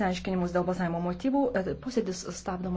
Saiškinimus dėl balsavimo motyvų e, posėdis stabdomas.